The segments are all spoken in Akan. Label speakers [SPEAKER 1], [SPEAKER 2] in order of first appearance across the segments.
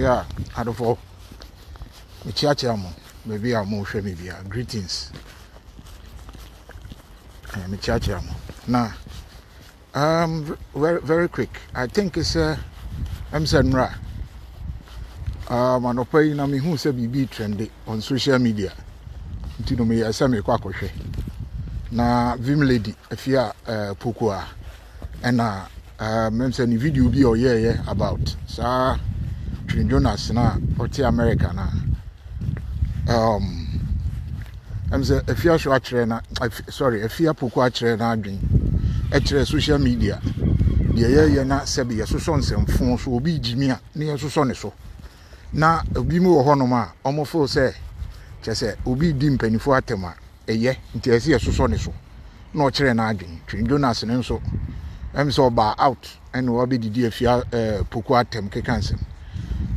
[SPEAKER 1] yɛ a adofo mekyiakyia mo baabi a mohwɛ me bia greetings uh, mekyiakyia mo na um, very, very quick i think sɛ ɛm sɛ nnora um, anɔpa yi na mehu sɛ biribi trende on social media nti no meyɛ sɛ mekɔ akɔhwɛ na vim lady afie a uh, poko a ɛna uh, mmɛm um, sɛ ne video bi a ɔyɛɛyɛ about saa so, twetwe jonas na ɔte america na um, ɛm sɛ afia e so akyerɛ na sorry afia e poko akyerɛ na adwen ɛkyerɛ e social media deɛ yɛ na sɛbi yɛsosɔ nsɛmfo so obi gyimi a ne yɛsosɔ ne so na obi mu wɔ hɔnom a ɔmo fo sɛ kyɛ sɛ obi di mpanimfoɔ atɛm a ɛyɛ nti ɛsɛ yɛsosɔ ne so na ɔkyerɛ no adwen twene jonas ne nso ɛm sɛ ɔbaa out ɛne wabɛdidi afia eh, poko atɛm keka nsɛm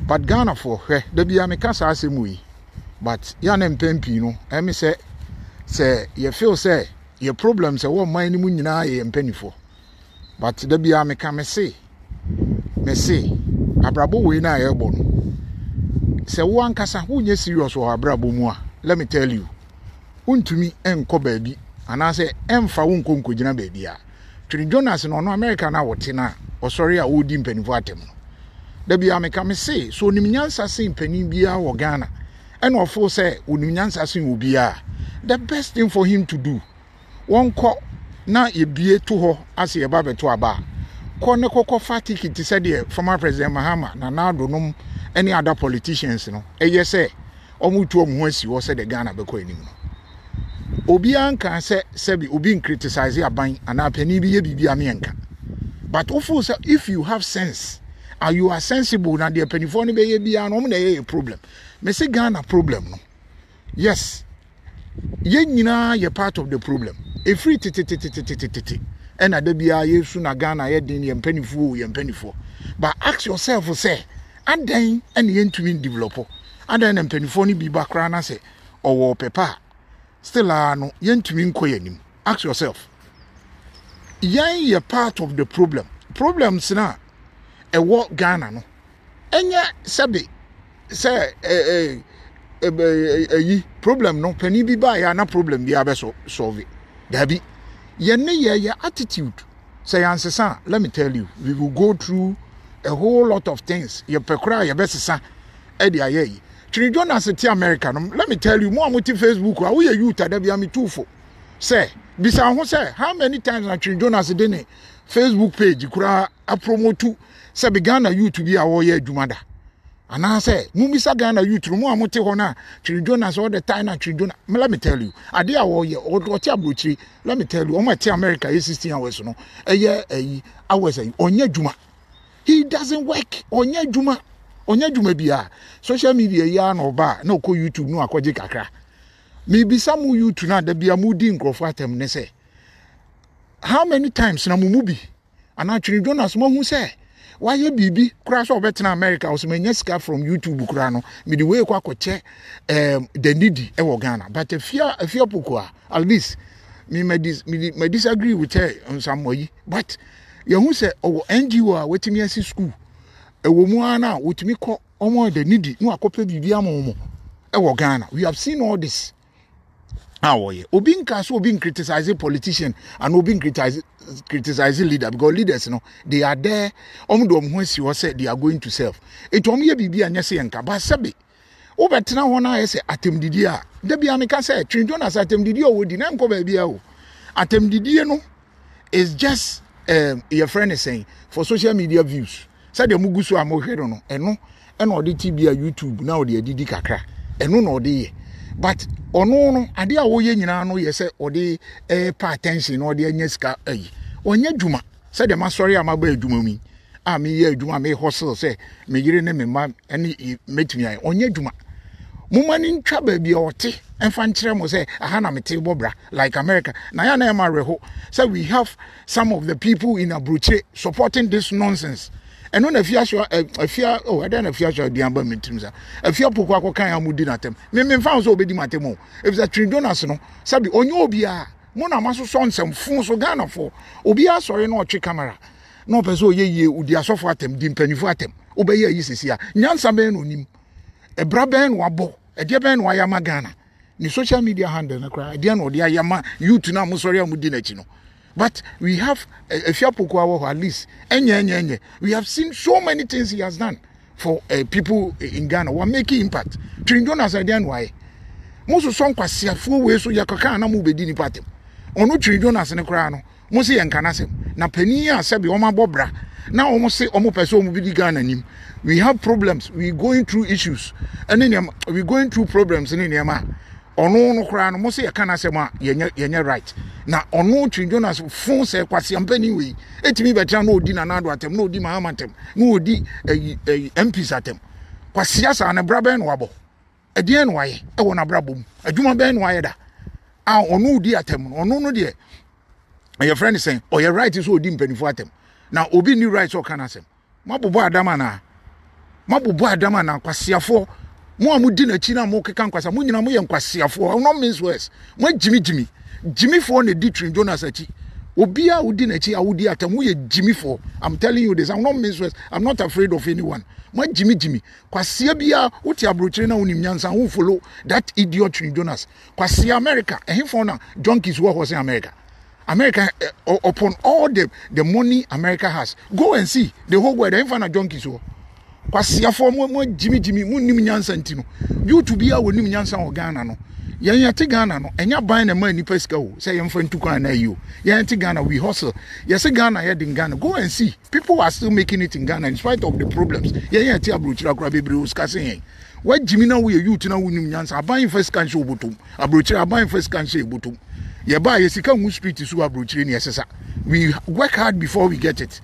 [SPEAKER 1] but Ghana ghanafoɔ hwɛ dabi a meka saa asɛm yi but yɛa ne mpɛn pii no ɛme sɛ sɛ yɛfeel sɛ yɛ problem sɛ wɔ ɔman no mu nyinaa yɛ mpanifoɔ but dabi a meka me se me se abrabɔ wei no a yɛrebɔ no sɛ wo ankasa wonyɛ serious wɔ abrabɔ mu a let me tell you wontumi nkɔ baabi anaasɛ ɛmfa wo nkɔ nkɔgyina baabi a twene jonas no ɔno amerika no a wɔte no a ɔsɔre a wɔredi mpanimfoɔ atɛm no dabi ameka me se so onim nyansa sen panin biara wɔ ghana ɛna ɔfo sɛ onim nyansa sen wɔ biara the best thing for him to do wɔnkɔ na yɛbie to hɔ ase yɛba abɛto aba kɔ ne kɔkɔ fa ticket sɛdeɛ former president mahama nanadonom ne other politicians no ɛyɛ sɛ tu ɔmo ho asi hɔ sɛdeɛ ghana bɛkɔ anim no obiara nka sɛ sɛbi obi criticize aban anaa panin bi yɛ biribi a meɛnka but wofo sɛ if you have sense are you are sensible na deɛ mpanimfoɔ no bɛyɛ biara no wɔn na ɛyɛ yɛ problem mɛsi ghana problem no yes yɛn nyinaa yɛ part of the problem efiri tetetetetetete ɛna da biara yɛsu na ghana yɛ den yɛ mpanimfoɔ yɛ mpanimfoɔ but ask yourself sɛ adan ɛna yɛntumi develop adan na mpanimfoɔ no bi ba koraa na sɛ ɔwɔ pɛpɛ a still a no yɛntumi nkɔ yɛn anim ask yourself yɛn yɛ part of the problem problems na ɛwɔ ghana no ɛnyɛ sɛbi sɛ ɛɛ ɛɛ ɛyi problem no panyin bi baa yɛ ana problem bi abɛsɔ sɔɔvi daabi yɛn ne yɛ yɛ attitude sɛ yɛn sesa let me tell you we will go through a whole lot of things yɛ pɛ koraa yɛ bɛ sesa ɛde ayɛ yi twere jonas ti america no let me tell you mo a mo ti facebook a woyɛ youth a dabi ami tuufo sɛ bisa ho sɛ how many times na twere jonas de ne facebook page koraa apromotu sɛbi ghana youth bi a wɔyɛ adwuma da anaasɛ mumisa ghana youth mu a mote hɔ no a twiridwona sɛ ɔde time na twiridwona let me tell you adeɛ a wɔyɛ ɔte aburokyiri let me tell you ɔmo ɛte america yɛ sixteen hours no ɛyɛ ɛyi hours ɛyi ɔnyɛ adwuma he doesn't work ɔnyɛ adwuma ɔnyɛ adwuma biara social media yi ara na ɔba na ɔkɔ youtube no akɔgye kakra mibisa mu youtube no a dabi a mu di nkurɔfoɔ atɛm ne sɛ how many times na mo mu bi anaa twiridwona so mo ahu sɛ wayɛ biribi koraa sɛ ɔbɛtena america ɔsɛ manya sika from youtube koraa no mede wei kɔ akɔkyɛ um, danidi wɔ ghana but afia afia poko a at least me ma disagree with her nsammɔ yi but yɛhu sɛ ɔwɔ ngo a watumi asi school ɛwɔ mu ara no a wɔtumi kɔ ɔmɔ danidi na wakɔpɛ biribi ama wɔ mu wɔ ghana we have seen all this a ah, wɔyɛ obi nka so obi criticize politician and obi criticize criticize leader because leaders no they are there wɔn de wɔn ho asi hɔ sɛ they are going to serve etu wɔn yɛ biribi a nyɛ sɛ yɛn nka ba sɛbi wobɛtena hɔ na ayɛ sɛ atɛmdidi a dabi anika sɛ twene jonas atɛmdidi a wɔdi na nkɔ baabi a o atɛmdidie no is just um, your friend is saying for social media views sɛdeɛ mugu so a mohwɛ no no ɛno ɛna ɔde tv a youtube na ɔde adidi kakra ɛno na ɔde yɛ but ɔno no adeɛ a wɔyɛ nyinaa no yɛ sɛ ɔde ɛɛpa attention na ɔde anya sika ayi ɔnyɛ dwuma sɛdeɛ masɔre a maba adwuma mu a meyɛ adwuma a meyɛ hɔsel sɛ meyere ne me mma ne mɛtumi ayɛ ɔnyɛ adwuma moma no ntwa baabi a ɔte ɛmfa nkyerɛ mo sɛ aha na mete bɔbra like america na yɛ na ɛma awerɛho sɛ we have some of the people in aburokyire supporting this nonsense ɛno na afia so afia eh, oh ɛdɛn na afia so aduan ba mi tirim sa afia poko akɔ kan amu di n'atɛm mímí nfa nso obedi mu atɛm o efisɛ twene jonas no sabi onye obia mo na ma soso nsɛm fun so ghana fo obiara sɔre na ɔtwe kamara na ɔpɛ sɛ ɔyɛ yie odi asɔfo atɛm di mpanyinfo atɛm wobɛyɛ ayi sisi a nyansa bɛn na onim ɛbra bɛn na wabɔ ɛdeɛ bɛn na wayɛ ama ghana ne social media handle no koraa ɛdeɛ na ɔde ayɛ ama youth no a mosɔre a n'akyi no But we have Efiapoku eh, eh, uh, at least. Enye, enye, enye. We have seen so many things he has done for uh, people in Ghana. are making impact. Trinjona Zaidian why? Most of some kwasiafuo we so yakaka na mu bedi nipa tem. Ono Trinjona se ne kra no. Mo se yenkanasem. Na panin a se bi o mabɔ bra. Na o mo se o mo pese o mo bi di Ghana nim. We have problems. We going through issues. And we going through problems in Niamey. ɔno no koraa no mo sɛ yɛka no asɛm a yɛnyɛ right na ɔno twi jonas fo sɛ kwasea mpani wei ɛtumi bɛtena na ɔdi nanado atɛm na ɔdi mahama atɛm na ɔdi mps atɛm kwasea saa no bra bɛn no wabɔ ɛdeɛn no wayɛ ɛwɔ nabrabɔ mu adwuma bɛn no wayɛ da a ɔno ɔdi atɛm no ɔno no deɛ ɛyɛ no sɛn ɔyɛ right sɛ ɔdi mpanimfoɔ atɛm na obi nni right sɛ ɔka no asɛm moabobɔ adam anaa moabobɔ adam anaa kwaseafoɔ mo a modi n'akyi na mokeka nkwasa mo nyina moyɛ nkwaseafoɔ no means words moagyimigyimi gyimifoɔ na di twin jonas akyi obiara wodi n'akyi a wodi ata moyɛ gyimifoɔ i'm telling you this i'm means words i'm not afraid of anyone moagyimigyimi kwasea biara wote aburokyire na wonim nyansa wofolo that idiot twin jonas kwasea america ɛhefoɔ na junkies wɔ hɔ sɛ america America uh, upon all the the money America has go and see the whole world ɛhefoɔ na junkies wɔ kwasiafoɔ mo mo gyimigyimi mo nim nyansa nti no yutu bi a wɔnim nyansa wɔ ghana no yɛn yɛte ghana no ɛnyɛ ban na ma nipa sika o sɛ yɛmfa ntu kwan na yi o yɛn te ghana we hustle yɛsɛ ghana yɛde n ghana go and see people are still making it in ghana in spite of the problems yɛn yɛte aburokyire akora bebree o sika se yɛn wagyimi na woyɛ yutu na wonim nyansa aban fa sika nhyɛ obotom aburokyire aban fa sika nhyɛ obotom yɛbaa yɛ sika hu street so aburokyire ne yɛsesa we work hard before we get it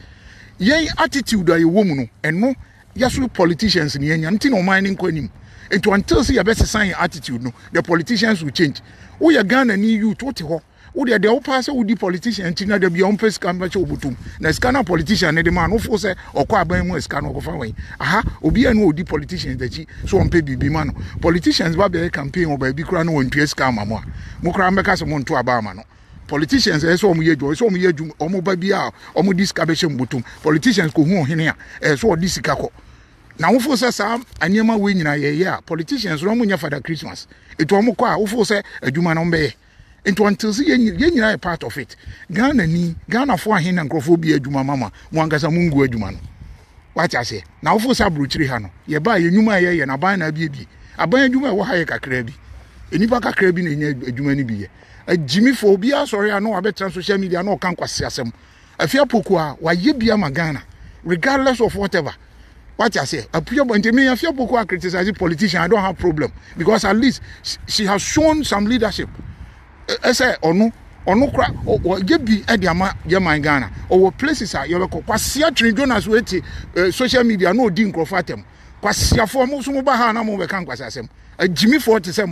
[SPEAKER 1] yɛn attitude a yɛwɔ mu no ɛno yɛsoro politicians ne yɛnya nti na ɔman ne nkɔ anim nti until sɛ yɛbɛsesa yɛn attitude no the politicians will change woyɛ ghana ne youth wote hɔ wodeɛ deɛ wopaa sɛ wodi politician nti na da bia wompɛ sika mbɛkyɛ wobɔtom na sika no a politician ne de ma no wofoo sɛ ɔkɔ aban mu a sika no ɔkɔfa wɔn aha obiaa ne ɔdi politician dakyi so ɔmpɛ biribi ma no politicians ba bɛyɛ campaign wɔ baabi koraa no wɔntua sika ama mo a mo koraa mbɛka sɛ monto aba ama no politicians ɛsɛ ɔmo yɛ adwuma ɛsɛ ɔmo yɛ adwuma ɔmo ba bi a ɔmo di sika bɛhyɛ mbɔtom politicians kò hu ɔhene a ɛsɛ ɔdi sika kɔ na wofo sɛ saa nneɛma wei nyinaa yɛyɛ a politicians no ɔmonyɛ fada christmas ɛti ɔmo kɔ a wofo sɛ adwuma no ɔmbɛyɛ nti ɔntil sɛ yɛn yɛ part of it ghana ni ghanafoɔ ahe na nkurɔfoɔ bi adwuma mama ma mo ankasa mongu adwuma no wate aseɛ na wofo sɛ aburokyire ha no yɛbaa yɛnwuma a yɛyɛ no na abiebie aban adwuma a ɛwɔ ha yɛ kakraa bi nnipa kakraa bi na ɛnya adwuma no bi agyimifoɔ obiara sɔre a na wabɛtena social media na ɔka nkwase asɛm afia poko a wayɛ bi ama ghana regardless of whatever what I say, Apia Bantemi, if people are criticizing politician, I don't have problem because at least she has shown some leadership. I eh, eh, say, or no, or no crack, or give be at Yama Ghana, or places are Yoroko, Kwasia Trinjonas Weti, eh, social media, no Dean Crofatem, Kwasia for Mosuba Hana Mobekan Kwasasem, a Jimmy Oh,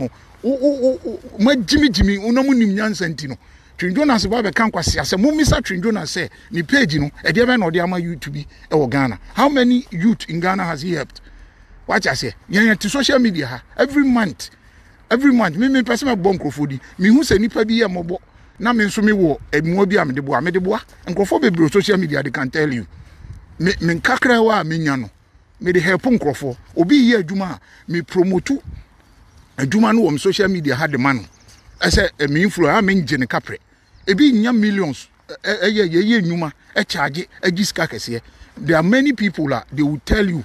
[SPEAKER 1] oh, oh, My Jimmy Jimmy, Unamunim Yansentino twindwona se ba bɛka nkwasi asɛ mummisa twindwona sɛ ni page no ɛdeɛ bɛn na ɔde ama youth bi ɛwɔ ghana how many youth in ghana has he helped wakyɛ sɛ yɛn ti social media ha every month every month mímí pɛ sɛ mɛ bɔ nkurɔfoɔ di mihu sɛ nipa bi yɛ mɔbɔ na mi nso mi wɔ ɛmuwa bi a mi de boa mi bebree social media they can tell you mi mi nkakra wa a mi nya no mi de help nkurɔfoɔ obi yɛ adwuma mi promote adwuma no wɔ mi social media ha de ma no ɛsɛ ɛmi influence a mi ngye ne kaprɛ ebi nya millions ɛyɛ yɛyɛ nnwuma ɛkyaagye ɛgye sika kɛseɛ there are many people a they will tell you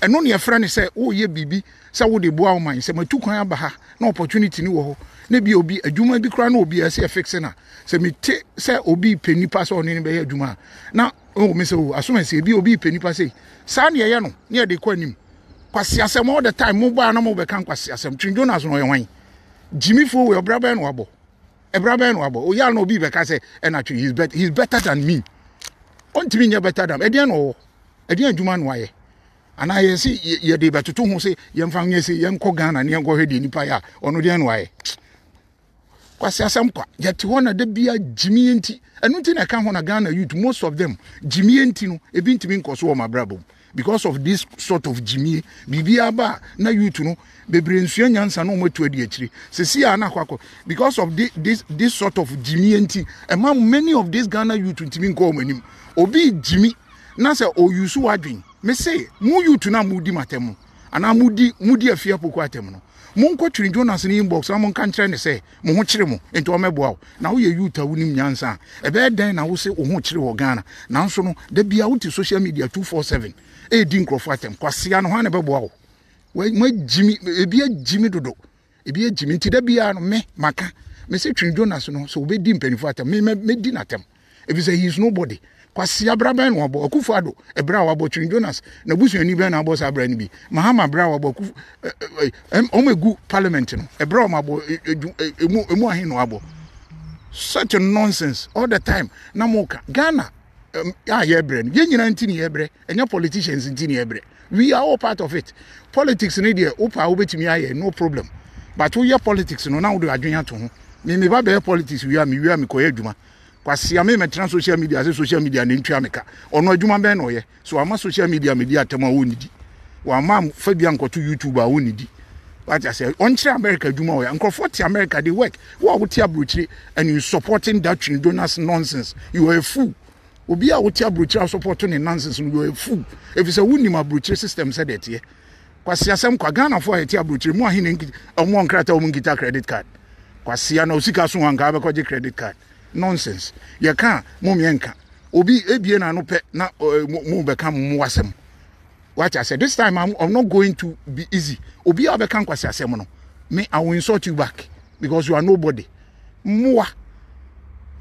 [SPEAKER 1] ɛno ne yɛfrɛ ne sɛ woyɛ biribi sɛ wode boa wo man sɛ matu kwan aba ha na opportunity ne wɔ hɔ na bi obi adwuma bi koraa na obi ɛsɛ ɛfikse na sɛ mete sɛ obi pɛ nipa sɛ ni ne bɛyɛ adwuma na ɔwɔ oh, mi sɛ o oh, asomɛsɛ ebi obi pɛ nipa sɛ saa ne yɛyɛ no ne yɛde kɔ anim kwasiasɛm all the time mo baa na mo bɛka nkwasiasɛm twin jonas na ɔyɛ wɔn gyimifoɔ wɔ ɔbrabɛn na wabɔ ɛbra bɛn oh, no abɔ oyal no obi bɛka sɛ ɛnatwe he's better he's better than me ɔntumi nyɛ better than ɛdeɛn na ɔwɔ ɛdeɛn adwuma no ayɛ anaa yɛ si yɛde bɛtoto ho sɛ yɛmfa nyɛ sɛ yɛnkɔ ghana ne yɛnkɔhwɛ deɛ nipa yɛ oh, a ɔno deɛn no ayɛ kwasi asɛm kwa yɛte hɔ na da bia gyimie nti ɛno nti na ɛka ho ghana youth most of them gyimie nti no ebi ntumi nkɔ so wɔ mabrabɔ mu because of this sort of gyimie biribi aba na youth no bebree nsua nyansa na wɔn atu adi akyire sisi a na akɔakɔ because of this this, this sort of gyimie nti ɛma many of these ghana youth ntumi nkɔ wɔn anim obi gyimi na sɛ oyusu wadwin say, mu youth na mu di mu atɛmu anaa mudi mudi afia poko atɛm no monkɔtwiri jonas no inbox na monka nkyerɛ ne sɛ mo ho kyere mo nti ɔmɛboa wo na woyɛ youth a wonim nyansa a ɛbɛyɛ dan na wo sɛ wo ho kyere wɔ ghana nanso no da bia wote social media 247 ɛɛdi nkurɔfoɔ atɛm kwasea no ho a ne bɛboa wo magyimi ebi agyimi dodo ebi agyimi nti da bia no me maka mesɛ twiri jonas no sɛ wobɛdi mpanimfoɔ atɛm mɛdi natɛm ɛfiri sɛ he is nobody kwasi abra bɛn na wabɔ akufo ado ɛbrɛ e a wabɔ twene jonas na busuani bɛn na abɔ saa abra no bi mahama brɛ a wabɔ akufo e, e, ɔmo egu parliament no ɛbrɛ a ɔmo abɔ emu emu ahen na wabɔ such a nonsense all the time na mo ka ghana um, a yɛbrɛ no yɛn nyinaa nti ne yɛbrɛ ɛnyɛ politicians nti ne yɛbrɛ we are all part of it politics ne deɛ wopa a wobɛtumi ayɛ no problem but woyɛ politics no na wode adwene ato ho memiba bɛyɛ politics wie a mewia mekɔyɛ adwuma kwasi ame mɛtena social media sɛ social media ne ntua meka ɔno adwuma bɛn na ɔyɛ so ama social media medi atɛm a wɔnnidi wama fa bi ankɔto youtube a wɔnnidi wagya sɛ ɔnkyerɛ america adwuma ɔyɛ nkurɔfoɔ te america de work wo a wote aburokyire and you supporting that twin donors nonsense you are a fool obi a wote aburokyire a supporto ne nonsense no you are a fool ɛfiri sɛ wonim aburokyire system sɛdeɛ teɛ kwasi asɛm kwa ghanafoɔ a yɛte aburokyire mu ahene ɔmo nkrataa ɔmo nkita credit card kwasia na osika so wankaa bɛkɔgye credit card nonsense yɛka mo miɛnka obi ebie na ano pɛ na mo bɛka mo mo asɛm wati ase this time i'm i'm not going to be easy obi a bɛka nkwasi asɛm no me i will insult you back because you are nobody mmoa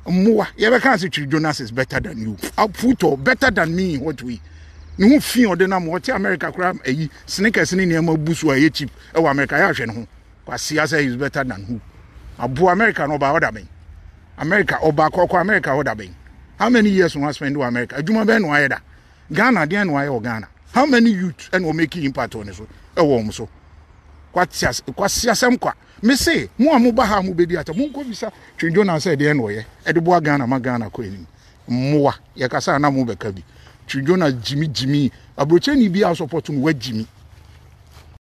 [SPEAKER 1] mmoa yɛbɛka ase twiri jonas is better than you afuto better than me what we ne ho fi ɔde nam ɔte america koraa ayi sneakers ne nneɛma bu so a ɛyɛ cheap ɛwɔ america yɛahwɛ ne ho kwasi asɛ is better than who aboa america no ɔbaa ɔda bɛn america ɔbaako ɔkɔ america hɔ da how many years na waspend wɔ america adwuma bɛn na wayɛ da ghana deɛ na wayɛ wɔ ghana how many youth ɛna wɔn making impact wɔ ne so ɛwɔ e wɔn so kwasi asɛm kwa mese mo a mo ba ha mo bɛdi ata mo nkɔ bisa twendwo na sɛ deɛ na ɔyɛ ɛde e boa ghana ma ghana kɔ anim mmoa yɛkasa na mo bɛka bi twendwo na gyimigyimi aburokyerɛni bi a sɔpɔtɔ no wagyimi